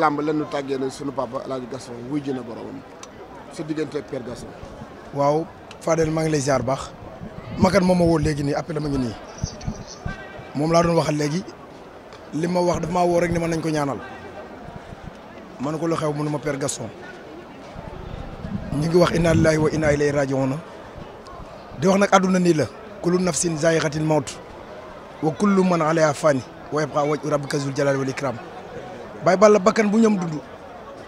làmb lan nu tàggee ne sunu papa El Hadj Gasson wuy jëna boromam sa diggante ak Père Gasson. waaw Fadel maa ngi lay ziar baax makat moom ma woo léegi nii appel ma ngi nii moom laa doon waxal léegi li ma wax daf maa woo rek ni ma nañ ko ñaanal ma ne ko lu xew mënu ma Père ñu ngi wax inna lillahi wa inna ilayhi raji'un di wax nag àdduna nii la kullu nafsin zaa'iqatil mawt wa kullu man a fani wa yabqa wajhu rabbika zul jalali wal ikram bay balla bakkan bu ñam dund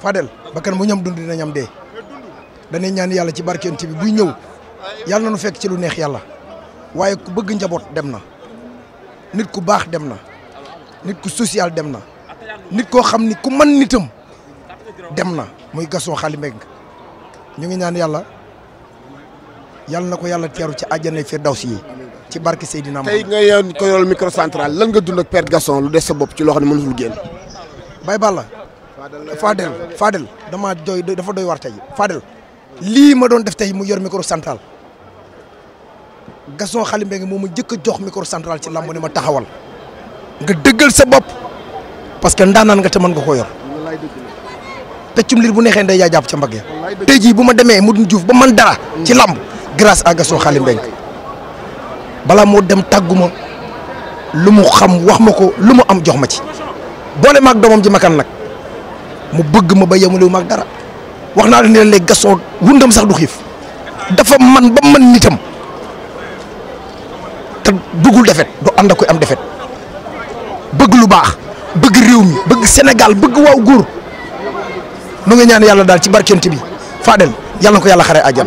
Fadel bakkan bu ñam dund dina ñam dee danay ñaan yàlla ci barkent bi buy ñëw yàlla nu fekk ci lu neex yàlla waaye ku bëgg njaboot dem na nit ku baax dem na nit ku social dem na nit koo xam ni ku man nitam dem na muy Gaston Xali Mbengue ñu ngi ñaan yàlla yàlla na ko yàlla teeru ci àjjana firdawsi yi ci barke Seydina Muhammad tey nga yoon ko yool lan nga dund ak père lu des sa bopp ci loo xam ne mënatul génn bay Balla Fadel Fadel damaa doy dafa doy war tey Fadel lii ma doon def tey mu yor micro central Gaston Xali moom ma jëkk a jox micro central ci lamb ne ma taxawal nga dëggal sa bopp parce que ndaanaan nga te mën nga ko yor peccum liir bu neexee nday yaa jàpp ca mbagg ya tey jii bu ma demee Modou Diouf ba man dara ci lamb grâce à Gaston Xali balaa moo dem tàggu ma lu mu xam wax ma ko lu mu am jox ma ci boole maag doomam ji makan nag mu bëgg ma ba yemalewu maag dara wax naa la ne léegi Gaston wundam sax du xiif dafa man ba man nitam te bëggul defet du ànd ak koy am defet bëgg lu baax bëgg réew mi bëgg Sénégal bëgg waaw góor nu nga ñaan yàlla daal ci barkent bi Fadel yàlla na ko yàlla xare àjjana